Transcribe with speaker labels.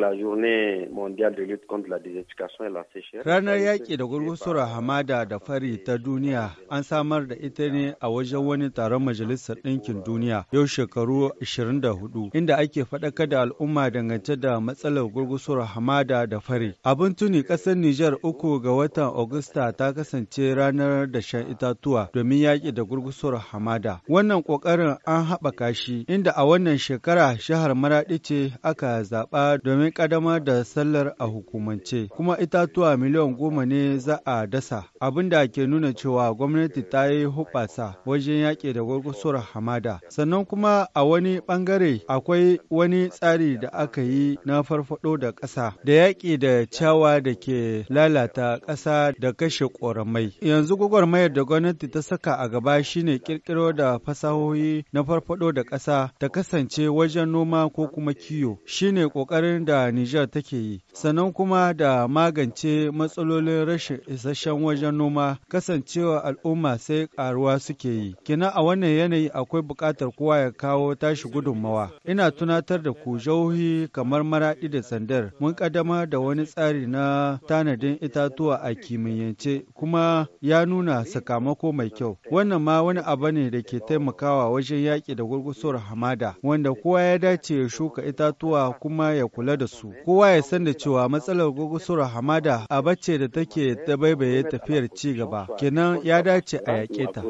Speaker 1: La journée mondiale de lutte contre la désertification et la sécheresse. Ranar yaƙi da gurgusura hamada da fari ta duniya an samar da ita ne a wajen wani taron Majalisar Ɗinkin Duniya yau shekaru 24 inda ake faɗaka da al'umma dangance da matsalar gurgusura hamada da fari. Abin tuni ƙasar Nijar uku ga watan Agusta ta kasance ranar da shan itatuwa domin yaki da gurgusura hamada. Wannan ƙoƙarin an haɓaka shi inda a wannan shekara shahar Maradi ce aka zaba domin domin kadama da sallar a hukumance kuma itatuwa miliyan goma ne za a dasa abin da ke nuna cewa gwamnati ta yi hubasa wajen yaƙi da gwargwasuwar hamada sannan kuma a wani bangare akwai wani tsari da aka yi na farfado da ƙasa da yaƙi da ciyawa da ke lalata ƙasa da kashe ƙoramai yanzu gwagwarmayar da gwamnati ta saka a gaba shine ƙirƙiro da fasahohi na farfado da ƙasa ta kasance wajen noma ko kuma kiyo shine ƙoƙarin da Nijar take yi, sannan kuma da magance matsalolin rashin isasshen wajen noma kasancewa al'umma sai karuwa suke yi. Kina a wannan yanayi akwai buƙatar kowa ya kawo tashi gudunmawa. Ina tunatar da ku jauhi kamar maraɗi da sandar mun ƙaddamar da wani tsari na tanadin itatuwa a kimiyyance kuma ya nuna sakamako mai kyau. Wannan ma wani abu ne da ke taimakawa wajen yaƙi da gurgusuwar hamada wanda kowa ya dace ya shuka itatuwa kuma ya kula da su. Kowa ya san da cewa matsalar gugusuwar hamada a ce da take ta baibaye tafiyar ci gaba. Kenan ya dace a yaƙe ta.